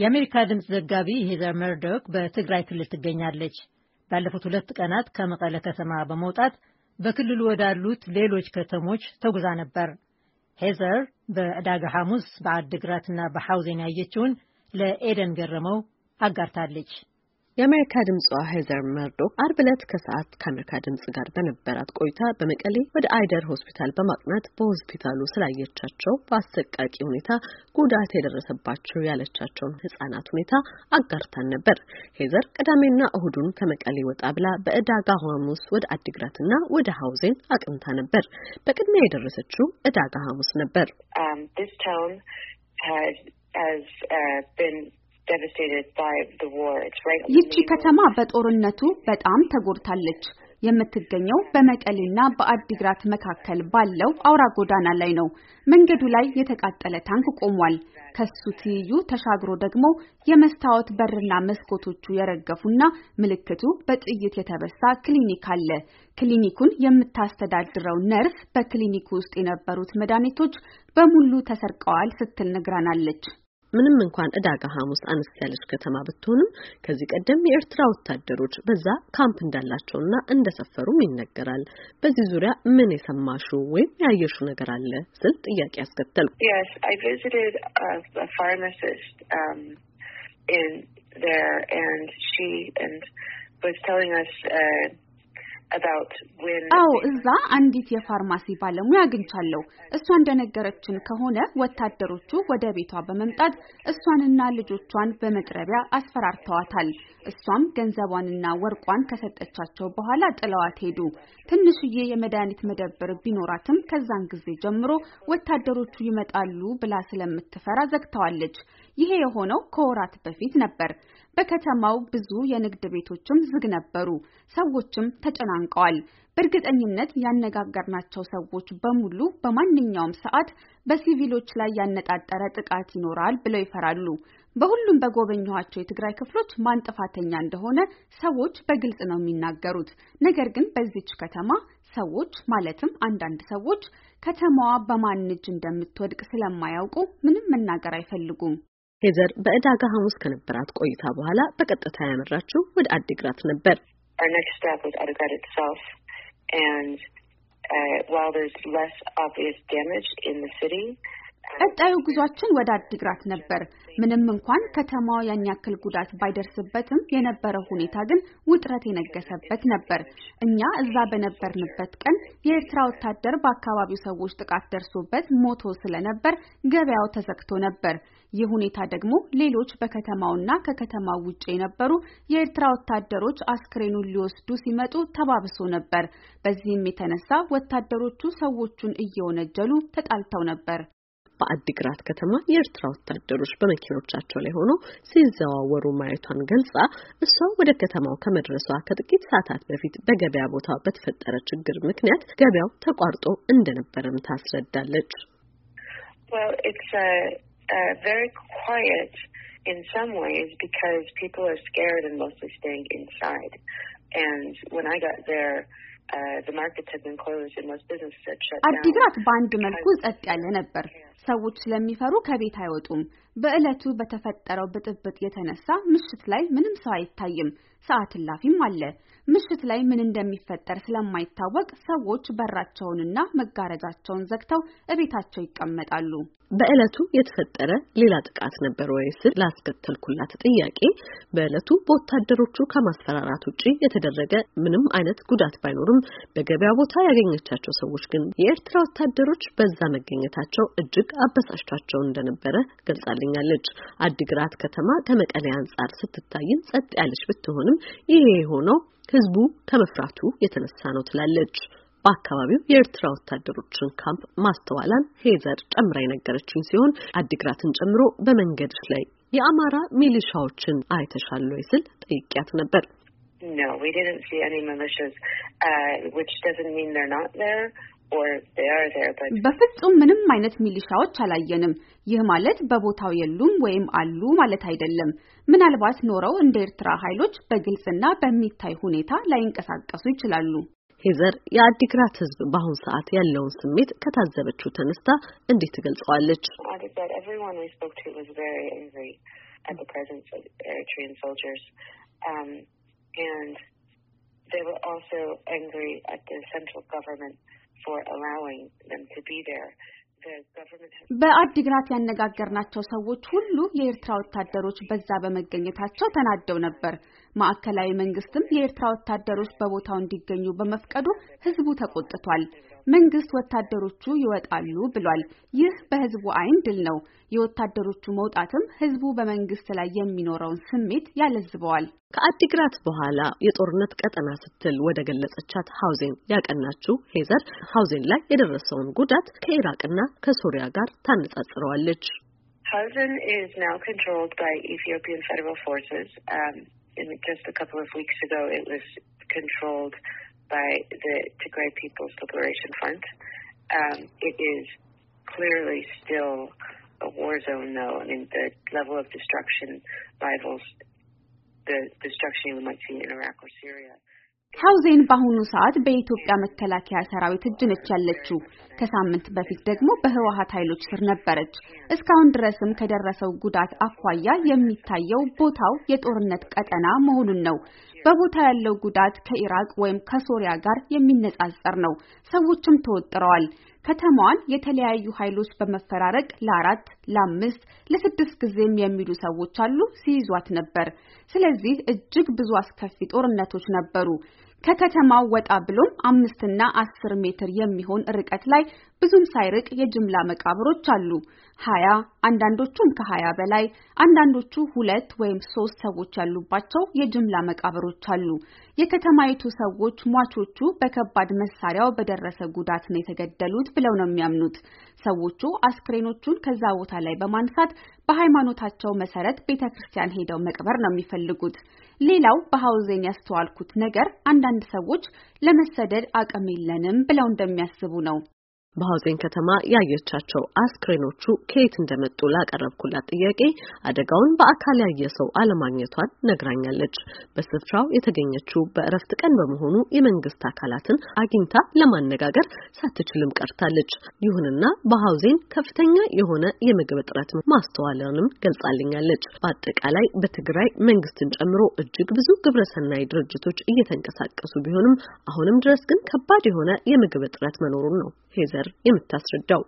የአሜሪካ ድምፅ ዘጋቢ ሄዘር መርዶክ በትግራይ ክልል ትገኛለች። ባለፉት ሁለት ቀናት ከመቀለ ከተማ በመውጣት በክልሉ ወዳሉት ሌሎች ከተሞች ተጉዛ ነበር። ሄዘር በዕዳጋ ሐሙስ በአድግራትና በሐውዜን ያየችውን ለኤደን ገረመው አጋርታለች። የአሜሪካ ድምጿ ሄዘር መርዶ አርብ ዕለት ከሰዓት ከአሜሪካ ድምጽ ጋር በነበራት ቆይታ በመቀሌ ወደ አይደር ሆስፒታል በማቅናት በሆስፒታሉ ስላየቻቸው በአሰቃቂ ሁኔታ ጉዳት የደረሰባቸው ያለቻቸውን ህጻናት ሁኔታ አጋርታን ነበር። ሄዘር ቅዳሜና እሁዱን ከመቀሌ ወጣ ብላ በእዳጋ ሐሙስ ወደ አዲግራትና ወደ ሀውዜን አቅንታ ነበር። በቅድሚያ የደረሰችው እዳጋ ሐሙስ ነበር። um, ይቺ ከተማ በጦርነቱ በጣም ተጎድታለች። የምትገኘው በመቀሌና በአዲግራት መካከል ባለው አውራ ጎዳና ላይ ነው። መንገዱ ላይ የተቃጠለ ታንክ ቆሟል። ከሱ ትይዩ ተሻግሮ ደግሞ የመስታወት በርና መስኮቶቹ የረገፉና ምልክቱ በጥይት የተበሳ ክሊኒክ አለ። ክሊኒኩን የምታስተዳድረው ነርስ በክሊኒኩ ውስጥ የነበሩት መድኃኒቶች በሙሉ ተሰርቀዋል ስትል ነግራናለች። ምንም እንኳን እዳጋ ሐሙስ አነስ ያለች ከተማ ብትሆንም ከዚህ ቀደም የኤርትራ ወታደሮች በዛ ካምፕ እንዳላቸውና እንደሰፈሩም ይነገራል። በዚህ ዙሪያ ምን የሰማሹ ወይም ያየሹ ነገር አለ ስል ጥያቄ ያስከተሉ። uh, um, in there and she and was telling us uh, አዎ እዛ አንዲት የፋርማሲ ባለሙያ አግኝቻለሁ። እሷ እንደነገረችን ከሆነ ወታደሮቹ ወደ ቤቷ በመምጣት እሷንና ልጆቿን በመጥረቢያ አስፈራርተዋታል። እሷም ገንዘቧንና ወርቋን ከሰጠቻቸው በኋላ ጥለዋት ሄዱ። ትንሽዬ የመድኃኒት መደብር ቢኖራትም ከዛን ጊዜ ጀምሮ ወታደሮቹ ይመጣሉ ብላ ስለምትፈራ ዘግተዋለች። ይሄ የሆነው ከወራት በፊት ነበር። በከተማው ብዙ የንግድ ቤቶችም ዝግ ነበሩ። ሰዎችም ተጨናንቀዋል። በእርግጠኝነት ያነጋገርናቸው ሰዎች በሙሉ በማንኛውም ሰዓት በሲቪሎች ላይ ያነጣጠረ ጥቃት ይኖራል ብለው ይፈራሉ። በሁሉም በጎበኘኋቸው የትግራይ ክፍሎች ማን ጥፋተኛ እንደሆነ ሰዎች በግልጽ ነው የሚናገሩት። ነገር ግን በዚች ከተማ ሰዎች ማለትም አንዳንድ ሰዎች ከተማዋ በማን እጅ እንደምትወድቅ ስለማያውቁ ምንም መናገር አይፈልጉም። ሄዘር በእዳጋ ሐሙስ ከነበራት ቆይታ በኋላ በቀጥታ ያመራችው ወደ አዲግራት ነበር። uh, while there's less obvious damage in the city, ቀጣዩ ጉዟችን ወደ አዲግራት ነበር። ምንም እንኳን ከተማው ያን ያክል ጉዳት ባይደርስበትም የነበረው ሁኔታ ግን ውጥረት የነገሰበት ነበር። እኛ እዛ በነበርንበት ቀን የኤርትራ ወታደር በአካባቢው ሰዎች ጥቃት ደርሶበት ሞቶ ስለነበር ገበያው ተዘግቶ ነበር። ይህ ሁኔታ ደግሞ ሌሎች በከተማውና ከከተማው ውጭ የነበሩ የኤርትራ ወታደሮች አስክሬኑን ሊወስዱ ሲመጡ ተባብሶ ነበር። በዚህም የተነሳ ወታደሮቹ ሰዎቹን እየወነጀሉ ተጣልተው ነበር። በአዲግራት ከተማ የኤርትራ ወታደሮች በመኪኖቻቸው ላይ ሆነው ሲዘዋወሩ ማየቷን ገልጻ እሷ ወደ ከተማው ከመድረሷ ከጥቂት ሰዓታት በፊት በገበያ ቦታ በተፈጠረ ችግር ምክንያት ገበያው ተቋርጦ እንደነበረም ታስረዳለች። uh, uh, አዲግራት በአንድ መልኩ ጸጥ ያለ ነበር። ሰዎች ስለሚፈሩ ከቤት አይወጡም። በዕለቱ በተፈጠረው ብጥብጥ የተነሳ ምሽት ላይ ምንም ሰው አይታይም። ሰዓት እላፊም አለ። ምሽት ላይ ምን እንደሚፈጠር ስለማይታወቅ ሰዎች በራቸውንና መጋረጃቸውን ዘግተው እቤታቸው ይቀመጣሉ። በዕለቱ የተፈጠረ ሌላ ጥቃት ነበር ወይ ስል ላስከተልኩላት ጥያቄ በዕለቱ በወታደሮቹ ከማስፈራራት ውጪ የተደረገ ምንም አይነት ጉዳት ባይኖርም በገበያ ቦታ ያገኘቻቸው ሰዎች ግን የኤርትራ ወታደሮች በዛ መገኘታቸው እጅግ አበሳጭቷቸው እንደነበረ ገልጻልኛለች። አዲግራት ከተማ ከመቀሌ አንጻር ስትታይም ጸጥ ያለች ብትሆንም ቢሆንም ይሄ የሆነው ህዝቡ ከመፍራቱ የተነሳ ነው ትላለች። በአካባቢው የኤርትራ ወታደሮችን ካምፕ ማስተዋላን ሄዘር ጨምራ የነገረችን ሲሆን አዲግራትን ጨምሮ በመንገድ ላይ የአማራ ሚሊሻዎችን አይተሻሉ ወይ ስል ነበር። uh, በፍጹም ምንም አይነት ሚሊሻዎች አላየንም። ይህ ማለት በቦታው የሉም ወይም አሉ ማለት አይደለም። ምናልባት ኖረው እንደ ኤርትራ ኃይሎች በግልጽና በሚታይ ሁኔታ ላይንቀሳቀሱ ይችላሉ። ሄዘር የአዲግራት ህዝብ በአሁን ሰዓት ያለውን ስሜት ከታዘበችው ተነስታ እንዴት ትገልጸዋለች? በአዲግራት ያነጋገርናቸው ሰዎች ሁሉ የኤርትራ ወታደሮች በዛ በመገኘታቸው ተናደው ነበር። ማዕከላዊ መንግስትም የኤርትራ ወታደሮች በቦታው እንዲገኙ በመፍቀዱ ህዝቡ ተቆጥቷል። መንግስት ወታደሮቹ ይወጣሉ ብሏል። ይህ በህዝቡ አይን ድል ነው። የወታደሮቹ መውጣትም ህዝቡ በመንግስት ላይ የሚኖረውን ስሜት ያለዝበዋል። ከአዲግራት በኋላ የጦርነት ቀጠና ስትል ወደ ገለጸቻት ሀውዜን ያቀናችው ሄዘር ሀውዜን ላይ የደረሰውን ጉዳት ከኢራቅና ከሶሪያ ጋር ታነጻጽረዋለች። ሀውዜን ኢዝ ናው ኮንትሮልድ ባይ ኢትዮጵያን ፌደራል in just a couple of weeks ago, it was controlled by the Tigray People's Liberation Front. Um, it is clearly still a war zone, though. I mean, the level of destruction rivals the destruction you might see in Iraq or Syria. ካውዜን በአሁኑ ሰዓት በኢትዮጵያ መከላከያ ሰራዊት እጅ ነች ያለችው። ከሳምንት በፊት ደግሞ በህወሀት ኃይሎች ስር ነበረች። እስካሁን ድረስም ከደረሰው ጉዳት አኳያ የሚታየው ቦታው የጦርነት ቀጠና መሆኑን ነው። በቦታ ያለው ጉዳት ከኢራቅ ወይም ከሶሪያ ጋር የሚነጻጸር ነው። ሰዎችም ተወጥረዋል። ከተማዋን የተለያዩ ኃይሎች በመፈራረቅ ለአራት ለአምስት ለስድስት ጊዜም የሚሉ ሰዎች አሉ ሲይዟት ነበር። ስለዚህ እጅግ ብዙ አስከፊ ጦርነቶች ነበሩ። ከከተማው ወጣ ብሎም አምስትና አስር ሜትር የሚሆን ርቀት ላይ ብዙም ሳይርቅ የጅምላ መቃብሮች አሉ። ሀያ አንዳንዶቹም ከሀያ በላይ አንዳንዶቹ ሁለት ወይም ሶስት ሰዎች ያሉባቸው የጅምላ መቃብሮች አሉ። የከተማይቱ ሰዎች ሟቾቹ በከባድ መሳሪያው በደረሰ ጉዳት ነው የተገደሉት ብለው ነው የሚያምኑት። ሰዎቹ አስክሬኖቹን ከዛ ቦታ ላይ በማንሳት በሃይማኖታቸው መሰረት ቤተ ክርስቲያን ሄደው መቅበር ነው የሚፈልጉት። ሌላው በሀውዜን ያስተዋልኩት ነገር አንዳንድ ሰዎች ለመሰደድ አቅም የለንም ብለው እንደሚያስቡ ነው። በሀውዜን ከተማ ያየቻቸው አስክሬኖቹ ከየት እንደመጡ ላቀረብኩላት ጥያቄ አደጋውን በአካል ያየ ሰው አለማግኘቷን ነግራኛለች። በስፍራው የተገኘችው በእረፍት ቀን በመሆኑ የመንግስት አካላትን አግኝታ ለማነጋገር ሳትችልም ቀርታለች። ይሁንና በሀውዜን ከፍተኛ የሆነ የምግብ እጥረት ማስተዋልንም ገልጻልኛለች። በአጠቃላይ በትግራይ መንግስትን ጨምሮ እጅግ ብዙ ግብረሰናይ ድርጅቶች እየተንቀሳቀሱ ቢሆንም አሁንም ድረስ ግን ከባድ የሆነ የምግብ እጥረት መኖሩን ነው ሄዘር ነበር የምታስረዳው።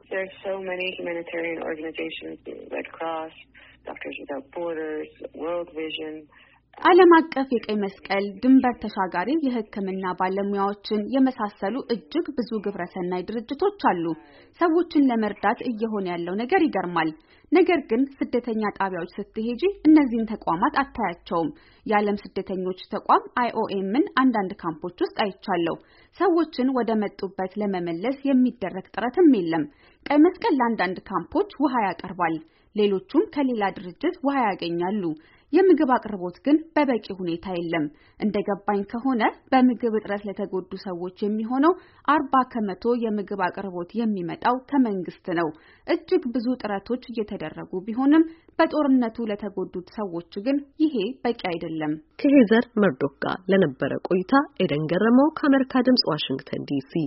ዓለም አቀፍ የቀይ መስቀል ድንበር ተሻጋሪ የሕክምና ባለሙያዎችን የመሳሰሉ እጅግ ብዙ ግብረሰናይ ድርጅቶች አሉ። ሰዎችን ለመርዳት እየሆነ ያለው ነገር ይገርማል። ነገር ግን ስደተኛ ጣቢያዎች ስትሄጂ እነዚህን ተቋማት አታያቸውም። የዓለም ስደተኞች ተቋም አይኦኤምን አንዳንድ ካምፖች ውስጥ አይቻለሁ። ሰዎችን ወደ መጡበት ለመመለስ የሚደረግ ጥረትም የለም። ቀይ መስቀል ለአንዳንድ ካምፖች ውሃ ያቀርባል፣ ሌሎቹም ከሌላ ድርጅት ውሃ ያገኛሉ። የምግብ አቅርቦት ግን በበቂ ሁኔታ የለም። እንደ ገባኝ ከሆነ በምግብ እጥረት ለተጎዱ ሰዎች የሚሆነው አርባ ከመቶ የምግብ አቅርቦት የሚመጣው ከመንግስት ነው። እጅግ ብዙ ጥረቶች እየተደረጉ ቢሆንም በጦርነቱ ለተጎዱት ሰዎች ግን ይሄ በቂ አይደለም። ከሄዘር መርዶክ ጋር ለነበረ ቆይታ ኤደን ገረመው ከአሜሪካ ድምጽ ዋሽንግተን ዲሲ